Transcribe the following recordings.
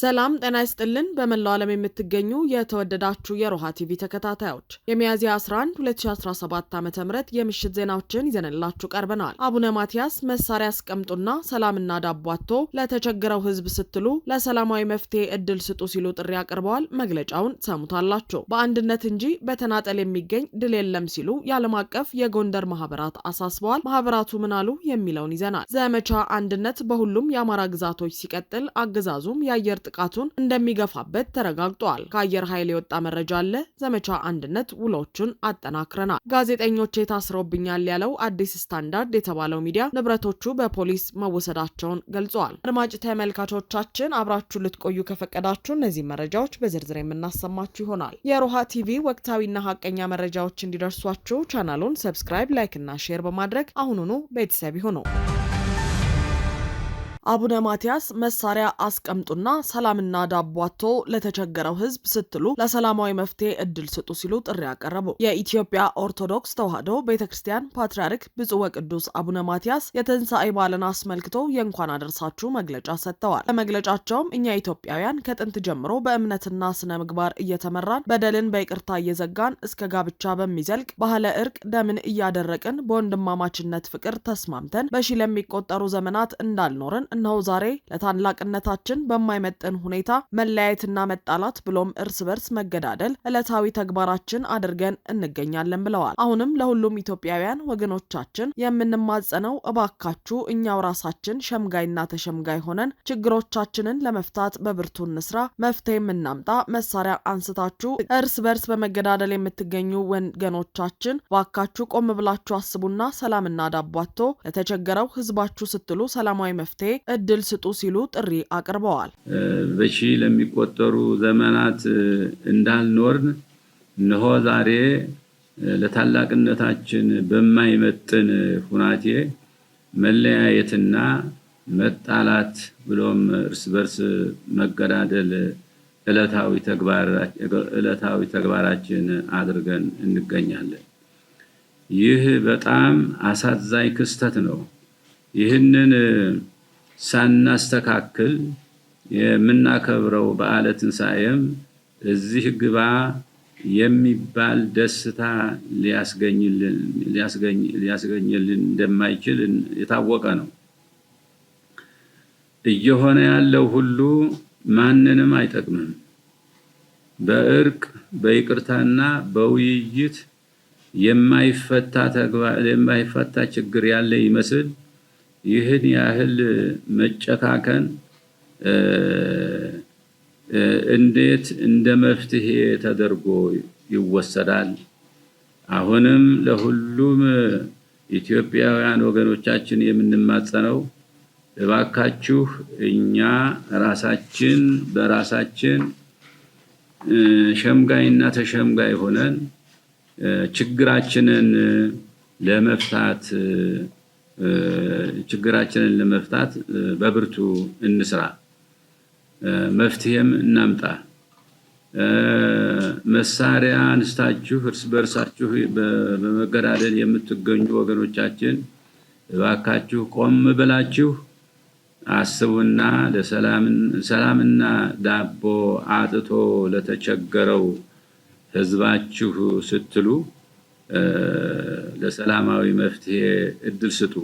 ሰላም ጤና ይስጥልን። በመላው ዓለም የምትገኙ የተወደዳችሁ የሮሃ ቲቪ ተከታታዮች የሚያዝያ 11 2017 ዓ ም የምሽት ዜናዎችን ይዘንላችሁ ቀርበናል። አቡነ ማቲያስ መሳሪያ አስቀምጡና ሰላምና ዳቦ አጥቶ ለተቸገረው ህዝብ ስትሉ ለሰላማዊ መፍትሄ እድል ስጡ ሲሉ ጥሪ አቅርበዋል። መግለጫውን ሰሙታላችሁ። በአንድነት እንጂ በተናጠል የሚገኝ ድል የለም ሲሉ የዓለም አቀፍ የጎንደር ማህበራት አሳስበዋል። ማህበራቱ ምን አሉ የሚለውን ይዘናል። ዘመቻ አንድነት በሁሉም የአማራ ግዛቶች ሲቀጥል አገዛዙም የአየር ጥቃቱን እንደሚገፋበት ተረጋግጧል። ከአየር ኃይል የወጣ መረጃ አለ። ዘመቻ አንድነት ውሎቹን አጠናክረናል። ጋዜጠኞቼ ታስረውብኛል ያለው አዲስ ስታንዳርድ የተባለው ሚዲያ ንብረቶቹ በፖሊስ መወሰዳቸውን ገልጿል። አድማጭ ተመልካቾቻችን አብራችሁ ልትቆዩ ከፈቀዳችሁ እነዚህ መረጃዎች በዝርዝር የምናሰማችሁ ይሆናል። የሮሃ ቲቪ ወቅታዊና ሀቀኛ መረጃዎች እንዲደርሷችሁ ቻናሉን ሰብስክራይብ፣ ላይክ እና ሼር በማድረግ አሁኑኑ ቤተሰብ ይሁኑ። አቡነ ማቲያስ መሳሪያ አስቀምጡና ሰላምና ዳቧቶ ለተቸገረው ህዝብ ስትሉ ለሰላማዊ መፍትሄ እድል ስጡ ሲሉ ጥሪ አቀረቡ። የኢትዮጵያ ኦርቶዶክስ ተዋሕዶ ቤተ ክርስቲያን ፓትርያርክ ብፁዕ ወቅዱስ አቡነ ማቲያስ የትንሣኤ በዓልን አስመልክቶ የእንኳን አደርሳችሁ መግለጫ ሰጥተዋል። በመግለጫቸውም እኛ ኢትዮጵያውያን ከጥንት ጀምሮ በእምነትና ስነ ምግባር እየተመራን በደልን በይቅርታ እየዘጋን እስከ ጋብቻ በሚዘልቅ ባህለ እርቅ ደምን እያደረቅን በወንድማማችነት ፍቅር ተስማምተን በሺ ለሚቆጠሩ ዘመናት እንዳልኖርን እነሆ ዛሬ ለታላቅነታችን በማይመጥን ሁኔታ መለያየትና መጣላት ብሎም እርስ በርስ መገዳደል ዕለታዊ ተግባራችን አድርገን እንገኛለን ብለዋል። አሁንም ለሁሉም ኢትዮጵያውያን ወገኖቻችን የምንማጸነው እባካችሁ እኛው ራሳችን ሸምጋይና ተሸምጋይ ሆነን ችግሮቻችንን ለመፍታት በብርቱ እንስራ፣ መፍትሄ የምናምጣ መሳሪያ አንስታችሁ እርስ በርስ በመገዳደል የምትገኙ ወገኖቻችን ባካችሁ ቆም ብላችሁ አስቡና ሰላምና ዳቧቶ ለተቸገረው ህዝባችሁ ስትሉ ሰላማዊ መፍትሄ እድል ስጡ ሲሉ ጥሪ አቅርበዋል። በሺ ለሚቆጠሩ ዘመናት እንዳልኖርን እነሆ ዛሬ ለታላቅነታችን በማይመጥን ሁናቴ መለያየትና መጣላት ብሎም እርስ በርስ መገዳደል ዕለታዊ ተግባራችን አድርገን እንገኛለን። ይህ በጣም አሳዛኝ ክስተት ነው። ይህንን ሳናስተካክል የምናከብረው በዓለ ትንሣኤም እዚህ ግባ የሚባል ደስታ ሊያስገኝልን እንደማይችል የታወቀ ነው። እየሆነ ያለው ሁሉ ማንንም አይጠቅምም። በእርቅ በይቅርታና በውይይት የማይፈታ ችግር ያለ ይመስል ይህን ያህል መጨካከን እንዴት እንደ መፍትሄ ተደርጎ ይወሰዳል? አሁንም ለሁሉም ኢትዮጵያውያን ወገኖቻችን የምንማጸነው እባካችሁ እኛ ራሳችን በራሳችን ሸምጋይና ተሸምጋይ ሆነን ችግራችንን ለመፍታት ችግራችንን ለመፍታት በብርቱ እንስራ፣ መፍትሄም እናምጣ። መሳሪያ አንስታችሁ እርስ በእርሳችሁ በመገዳደል የምትገኙ ወገኖቻችን እባካችሁ ቆም ብላችሁ አስቡና ሰላምና ዳቦ አጥቶ ለተቸገረው ሕዝባችሁ ስትሉ ለሰላማዊ መፍትሄ እድል ስጡ።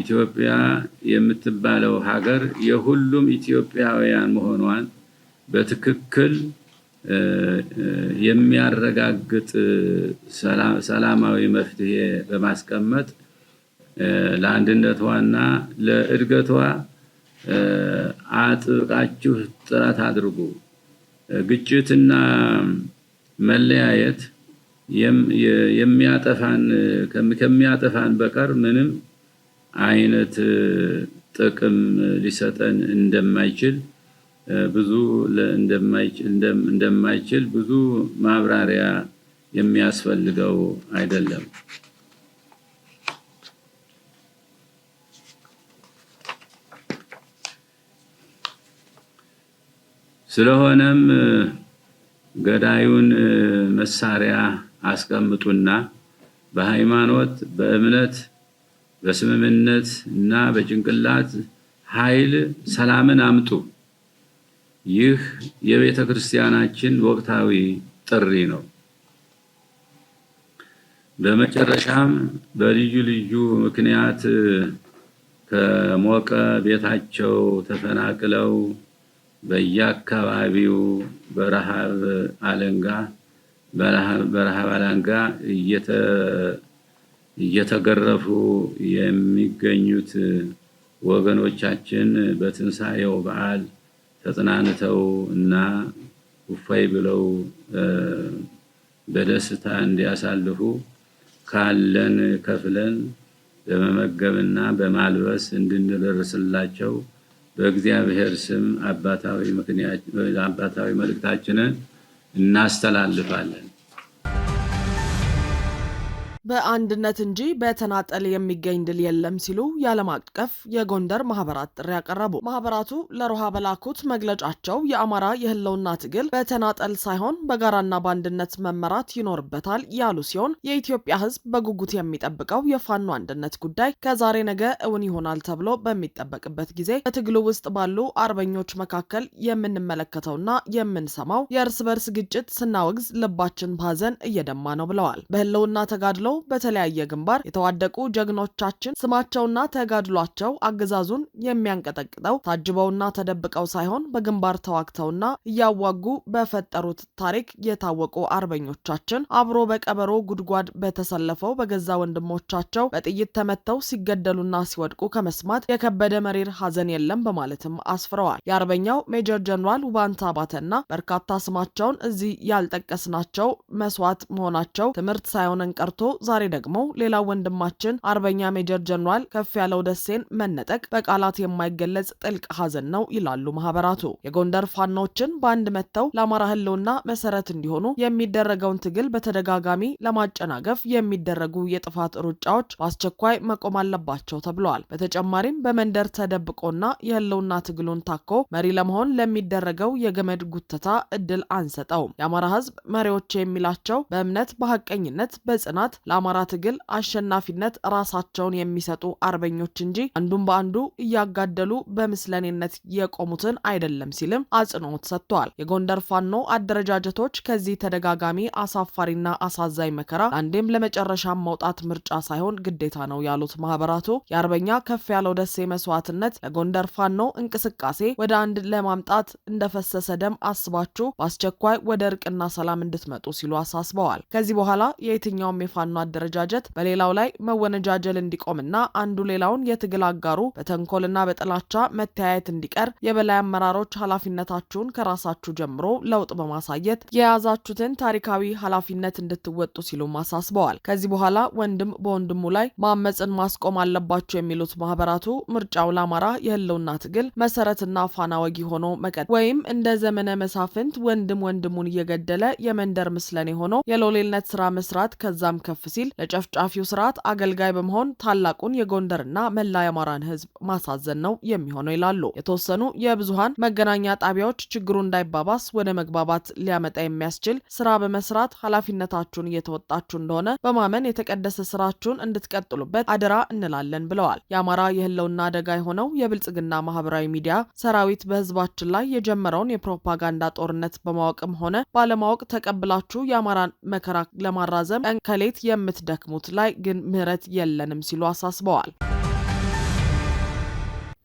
ኢትዮጵያ የምትባለው ሀገር የሁሉም ኢትዮጵያውያን መሆኗን በትክክል የሚያረጋግጥ ሰላማዊ መፍትሄ በማስቀመጥ ለአንድነቷና ለእድገቷ አጥብቃችሁ ጥረት አድርጉ። ግጭትና መለያየት የሚያጠፋን ከሚያጠፋን በቀር ምንም አይነት ጥቅም ሊሰጠን እንደማይችል ብዙ እንደማይችል ብዙ ማብራሪያ የሚያስፈልገው አይደለም። ስለሆነም ገዳዩን መሳሪያ አስቀምጡና በሃይማኖት፣ በእምነት፣ በስምምነት እና በጭንቅላት ኃይል ሰላምን አምጡ። ይህ የቤተ ክርስቲያናችን ወቅታዊ ጥሪ ነው። በመጨረሻም በልዩ ልዩ ምክንያት ከሞቀ ቤታቸው ተፈናቅለው በየአካባቢው በረሃብ አለንጋ በረሃብ እየተገረፉ የሚገኙት ወገኖቻችን በትንሣኤው በዓል ተጽናንተው እና ውፋይ ብለው በደስታ እንዲያሳልፉ ካለን ከፍለን በመመገብና በማልበስ እንድንደርስላቸው በእግዚአብሔር ስም አባታዊ መልእክታችንን እናስተላልፋለን። በአንድነት እንጂ በተናጠል የሚገኝ ድል የለም ሲሉ የዓለም አቀፍ የጎንደር ማህበራት ጥሪ ያቀረቡ ማህበራቱ ለሮሃ በላኩት መግለጫቸው የአማራ የህልውና ትግል በተናጠል ሳይሆን በጋራና በአንድነት መመራት ይኖርበታል ያሉ ሲሆን የኢትዮጵያ ህዝብ በጉጉት የሚጠብቀው የፋኖ አንድነት ጉዳይ ከዛሬ ነገ እውን ይሆናል ተብሎ በሚጠበቅበት ጊዜ በትግሉ ውስጥ ባሉ አርበኞች መካከል የምንመለከተውና የምንሰማው የእርስ በርስ ግጭት ስናወግዝ ልባችን ባዘን እየደማ ነው ብለዋል። በህልውና ተጋድሎ ተሰልፈው በተለያየ ግንባር የተዋደቁ ጀግኖቻችን ስማቸውና ተጋድሏቸው አገዛዙን የሚያንቀጠቅጠው ታጅበውና ተደብቀው ሳይሆን በግንባር ተዋግተውና እያዋጉ በፈጠሩት ታሪክ የታወቁ አርበኞቻችን አብሮ በቀበሮ ጉድጓድ በተሰለፈው በገዛ ወንድሞቻቸው በጥይት ተመተው ሲገደሉና ሲወድቁ ከመስማት የከበደ መሪር ሀዘን የለም በማለትም አስፍረዋል። የአርበኛው ሜጀር ጀኔራል ውባንታ አባተና በርካታ ስማቸውን እዚህ ያልጠቀስናቸው መስዋዕት መሆናቸው ትምህርት ሳይሆነን ቀርቶ ዛሬ ደግሞ ሌላው ወንድማችን አርበኛ ሜጀር ጀኔራል ከፍ ያለው ደሴን መነጠቅ በቃላት የማይገለጽ ጥልቅ ሀዘን ነው ይላሉ ማህበራቱ። የጎንደር ፋኖችን በአንድ መጥተው ለአማራ ህልውና መሰረት እንዲሆኑ የሚደረገውን ትግል በተደጋጋሚ ለማጨናገፍ የሚደረጉ የጥፋት ሩጫዎች በአስቸኳይ መቆም አለባቸው ተብለዋል። በተጨማሪም በመንደር ተደብቆና የህልውና ትግሉን ታኮ መሪ ለመሆን ለሚደረገው የገመድ ጉተታ እድል አንሰጠውም። የአማራ ህዝብ መሪዎች የሚላቸው በእምነት በሀቀኝነት በጽናት ለአማራ ትግል አሸናፊነት ራሳቸውን የሚሰጡ አርበኞች እንጂ አንዱን በአንዱ እያጋደሉ በምስለኔነት የቆሙትን አይደለም ሲልም አጽንኦት ሰጥቷል። የጎንደር ፋኖ አደረጃጀቶች ከዚህ ተደጋጋሚ አሳፋሪና አሳዛኝ መከራ አንዴም ለመጨረሻ መውጣት ምርጫ ሳይሆን ግዴታ ነው ያሉት ማህበራቱ የአርበኛ ከፍ ያለው ደሴ መስዋዕትነት ለጎንደር ፋኖ እንቅስቃሴ ወደ አንድ ለማምጣት እንደፈሰሰ ደም አስባችሁ በአስቸኳይ ወደ እርቅና ሰላም እንድትመጡ ሲሉ አሳስበዋል። ከዚህ በኋላ የየትኛውም የፋኖ ማደረጃጀት በሌላው ላይ መወነጃጀል እንዲቆምና አንዱ ሌላውን የትግል አጋሩ በተንኮልና በጥላቻ መተያየት እንዲቀር የበላይ አመራሮች ኃላፊነታችሁን ከራሳችሁ ጀምሮ ለውጥ በማሳየት የያዛችሁትን ታሪካዊ ኃላፊነት እንድትወጡ ሲሉም አሳስበዋል። ከዚህ በኋላ ወንድም በወንድሙ ላይ ማመፅን ማስቆም አለባቸው የሚሉት ማህበራቱ ምርጫው ለአማራ የህልውና ትግል መሰረትና ፋና ወጊ ሆኖ መቀጠል ወይም እንደ ዘመነ መሳፍንት ወንድም ወንድሙን እየገደለ የመንደር ምስለኔ ሆኖ የሎሌልነት ስራ መስራት ከዛም ከፍ ሲል ለጨፍጫፊው ስርዓት አገልጋይ በመሆን ታላቁን የጎንደርና መላ የአማራን ህዝብ ማሳዘን ነው የሚሆነው ይላሉ። የተወሰኑ የብዙሀን መገናኛ ጣቢያዎች ችግሩ እንዳይባባስ ወደ መግባባት ሊያመጣ የሚያስችል ስራ በመስራት ኃላፊነታችሁን እየተወጣችሁ እንደሆነ በማመን የተቀደሰ ስራችሁን እንድትቀጥሉበት አደራ እንላለን ብለዋል። የአማራ የህልውና አደጋ የሆነው የብልጽግና ማህበራዊ ሚዲያ ሰራዊት በህዝባችን ላይ የጀመረውን የፕሮፓጋንዳ ጦርነት በማወቅም ሆነ ባለማወቅ ተቀብላችሁ የአማራን መከራ ለማራዘም ከሌት ከሌት የምትደክሙት ላይ ግን ምህረት የለንም ሲሉ አሳስበዋል።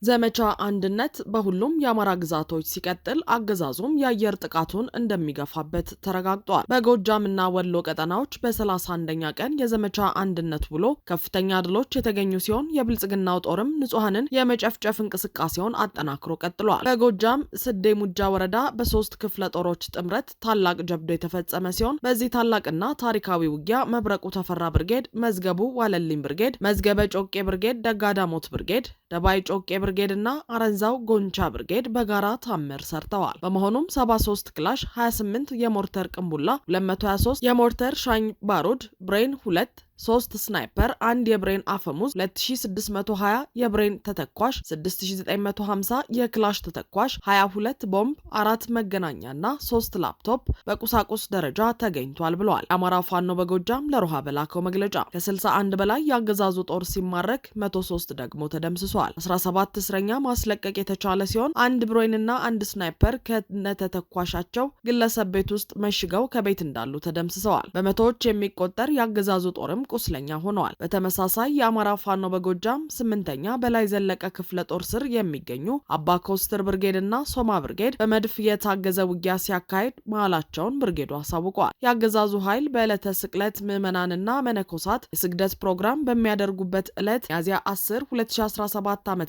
ዘመቻ አንድነት በሁሉም የአማራ ግዛቶች ሲቀጥል አገዛዙም የአየር ጥቃቱን እንደሚገፋበት ተረጋግጧል። በጎጃምና ወሎ ቀጠናዎች በ 31 ቀን የዘመቻ አንድነት ብሎ ከፍተኛ ድሎች የተገኙ ሲሆን የብልጽግናው ጦርም ንጹሐንን የመጨፍጨፍ እንቅስቃሴውን አጠናክሮ ቀጥሏል። በጎጃም ስዴ ሙጃ ወረዳ በሶስት ክፍለ ጦሮች ጥምረት ታላቅ ጀብዶ የተፈጸመ ሲሆን በዚህ ታላቅና ታሪካዊ ውጊያ መብረቁ ተፈራ ብርጌድ፣ መዝገቡ ዋለልኝ ብርጌድ፣ መዝገበ ጮቄ ብርጌድ፣ ደጋዳሞት ብርጌድ ደባይ ጮቄ ብርጌድ እና አረንዛው ጎንቻ ብርጌድ በጋራ ታምር ሰርተዋል። በመሆኑም 73 ክላሽ፣ 28 የሞርተር ቅንቡላ፣ 223 የሞርተር ሻኝ ባሩድ፣ ብሬን 2 ሶስት ስናይፐር፣ አንድ የብሬን አፈሙዝ፣ 2620 የብሬን ተተኳሽ፣ 6950 የክላሽ ተተኳሽ፣ 22 ቦምብ፣ አራት መገናኛና ሶስት ላፕቶፕ በቁሳቁስ ደረጃ ተገኝቷል ብለዋል። የአማራ ፋኖ በጎጃም ለሮሃ በላከው መግለጫ ከ61 በላይ የአገዛዙ ጦር ሲማረክ 103 ደግሞ ተደምስሷል። 17 እስረኛ ማስለቀቅ የተቻለ ሲሆን አንድ ብሬንና አንድ ስናይፐር ከነተተኳሻቸው ግለሰብ ቤት ውስጥ መሽገው ከቤት እንዳሉ ተደምስሰዋል። በመቶዎች የሚቆጠር የአገዛዙ ጦርም ቁስለኛ ሆነዋል። በተመሳሳይ የአማራ ፋኖ በጎጃም ስምንተኛ በላይ ዘለቀ ክፍለ ጦር ስር የሚገኙ አባ ኮስትር ብርጌድ እና ሶማ ብርጌድ በመድፍ የታገዘ ውጊያ ሲያካሄድ መሃላቸውን ብርጌዱ አሳውቋል። የአገዛዙ ኃይል በዕለተ ስቅለት ምዕመናንና መነኮሳት የስግደት ፕሮግራም በሚያደርጉበት ዕለት ሚያዝያ 10 2017 ዓ ም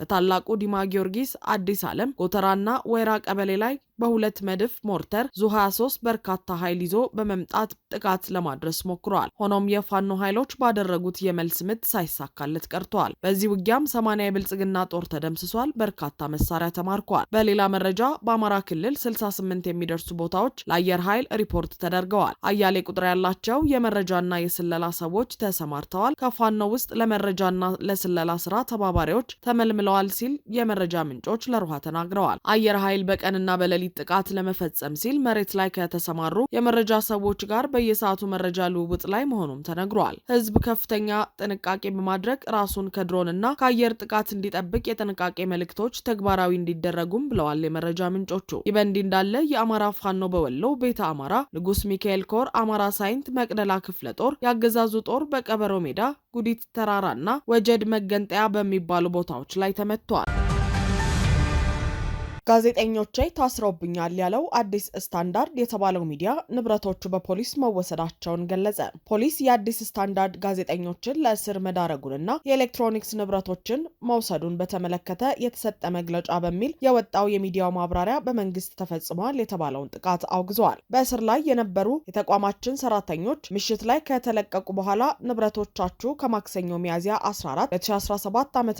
በታላቁ ዲማ ጊዮርጊስ አዲስ ዓለም ጎተራና ወይራ ቀበሌ ላይ በሁለት መድፍ ሞርተር ዙ 23 በርካታ ኃይል ይዞ በመምጣት ጥቃት ለማድረስ ሞክሯል። ሆኖም የፋኖ ኃይሎች ባደረጉት የመልስ ምት ሳይሳካለት ቀርተዋል። በዚህ ውጊያም ሰማንያ የብልጽግና ጦር ተደምስሷል፣ በርካታ መሳሪያ ተማርከዋል። በሌላ መረጃ በአማራ ክልል 68 የሚደርሱ ቦታዎች ለአየር ኃይል ሪፖርት ተደርገዋል። አያሌ ቁጥር ያላቸው የመረጃና የስለላ ሰዎች ተሰማርተዋል። ከፋኖ ውስጥ ለመረጃና ለስለላ ስራ ተባባሪዎች ተመልምለዋል ሲል የመረጃ ምንጮች ለሩሃ ተናግረዋል። አየር ኃይል በቀንና በሌሊት ጥቃት ለመፈጸም ሲል መሬት ላይ ከተሰማሩ የመረጃ ሰዎች ጋር በየሰዓቱ መረጃ ልውውጥ ላይ መሆኑም ተነግሯል። ህዝብ ከፍተኛ ጥንቃቄ በማድረግ ራሱን ከድሮንና ከአየር ጥቃት እንዲጠብቅ የጥንቃቄ መልእክቶች ተግባራዊ እንዲደረጉም ብለዋል የመረጃ ምንጮቹ። ይህ በእንዲህ እንዳለ የአማራ ፋኖ በወሎ ቤተ አማራ ንጉስ ሚካኤል ኮር አማራ ሳይንት መቅደላ ክፍለ ጦር ያገዛዙ ጦር በቀበሮ ሜዳ፣ ጉዲት ተራራና ወጀድ መገንጠያ በሚባሉ ቦታዎች ላይ ተመቷል። ጋዜጠኞቼ ታስረውብኛል ያለው አዲስ ስታንዳርድ የተባለው ሚዲያ ንብረቶቹ በፖሊስ መወሰዳቸውን ገለጸ። ፖሊስ የአዲስ ስታንዳርድ ጋዜጠኞችን ለእስር መዳረጉንና የኤሌክትሮኒክስ ንብረቶችን መውሰዱን በተመለከተ የተሰጠ መግለጫ በሚል የወጣው የሚዲያው ማብራሪያ በመንግስት ተፈጽሟል የተባለውን ጥቃት አውግዘዋል። በእስር ላይ የነበሩ የተቋማችን ሰራተኞች ምሽት ላይ ከተለቀቁ በኋላ ንብረቶቻችሁ ከማክሰኞ ሚያዝያ 14 2017 ዓ ም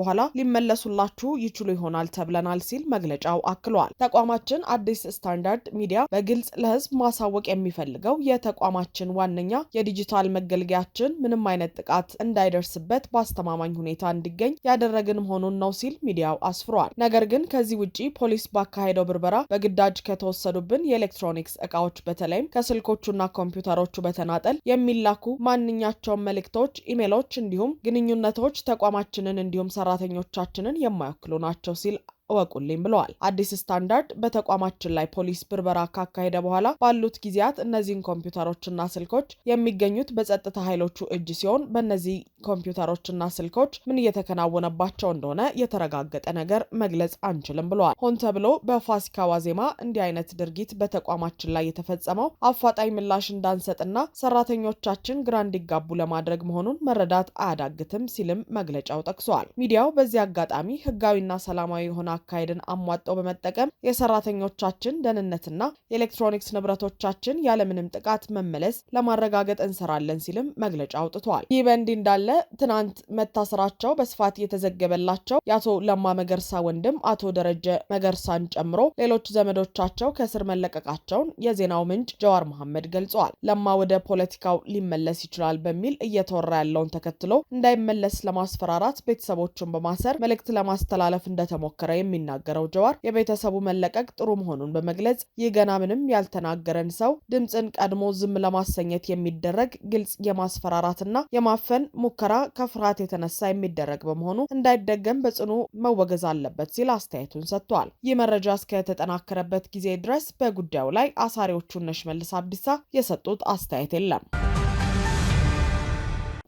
በኋላ ሊመለሱላችሁ ይችሉ ይሆናል ተብለናል ሲል መግለ መግለጫው አክሏል። ተቋማችን አዲስ ስታንዳርድ ሚዲያ በግልጽ ለህዝብ ማሳወቅ የሚፈልገው የተቋማችን ዋነኛ የዲጂታል መገልገያችን ምንም አይነት ጥቃት እንዳይደርስበት በአስተማማኝ ሁኔታ እንዲገኝ ያደረግን መሆኑን ነው ሲል ሚዲያው አስፍሯል። ነገር ግን ከዚህ ውጪ ፖሊስ ባካሄደው ብርበራ በግዳጅ ከተወሰዱብን የኤሌክትሮኒክስ እቃዎች በተለይም ከስልኮቹና ኮምፒውተሮቹ በተናጠል የሚላኩ ማንኛቸውም መልእክቶች፣ ኢሜሎች እንዲሁም ግንኙነቶች ተቋማችንን እንዲሁም ሰራተኞቻችንን የማይወክሉ ናቸው ሲል እወቁልኝ ብለዋል። አዲስ ስታንዳርድ በተቋማችን ላይ ፖሊስ ብርበራ ካካሄደ በኋላ ባሉት ጊዜያት እነዚህን ኮምፒውተሮችና ስልኮች የሚገኙት በጸጥታ ኃይሎቹ እጅ ሲሆን በእነዚህ ኮምፒውተሮችና ስልኮች ምን እየተከናወነባቸው እንደሆነ የተረጋገጠ ነገር መግለጽ አንችልም ብለዋል። ሆን ተብሎ በፋሲካ ዋዜማ እንዲህ አይነት ድርጊት በተቋማችን ላይ የተፈጸመው አፋጣኝ ምላሽ እንዳንሰጥና ሰራተኞቻችን ግራ እንዲጋቡ ለማድረግ መሆኑን መረዳት አያዳግትም ሲልም መግለጫው ጠቅሷል። ሚዲያው በዚህ አጋጣሚ ህጋዊና ሰላማዊ የሆነ አካሄድን አሟጠው በመጠቀም የሰራተኞቻችን ደህንነትና የኤሌክትሮኒክስ ንብረቶቻችን ያለምንም ጥቃት መመለስ ለማረጋገጥ እንሰራለን ሲልም መግለጫ አውጥቷል። ይህ በእንዲህ እንዳለ ትናንት መታሰራቸው በስፋት የተዘገበላቸው የአቶ ለማ መገርሳ ወንድም አቶ ደረጀ መገርሳን ጨምሮ ሌሎች ዘመዶቻቸው ከእስር መለቀቃቸውን የዜናው ምንጭ ጀዋር መሐመድ ገልጿል። ለማ ወደ ፖለቲካው ሊመለስ ይችላል በሚል እየተወራ ያለውን ተከትሎ እንዳይመለስ ለማስፈራራት ቤተሰቦቹን በማሰር መልእክት ለማስተላለፍ እንደተሞከረ የሚናገረው ጀዋር የቤተሰቡ መለቀቅ ጥሩ መሆኑን በመግለጽ ይህ ገና ምንም ያልተናገረን ሰው ድምፅን ቀድሞ ዝም ለማሰኘት የሚደረግ ግልጽ የማስፈራራትና የማፈን ሙከራ ከፍርሃት የተነሳ የሚደረግ በመሆኑ እንዳይደገም በጽኑ መወገዝ አለበት ሲል አስተያየቱን ሰጥቷል። ይህ መረጃ እስከተጠናከረበት ጊዜ ድረስ በጉዳዩ ላይ አሳሪዎቹ እነ ሽመልስ አብዲሳ የሰጡት አስተያየት የለም።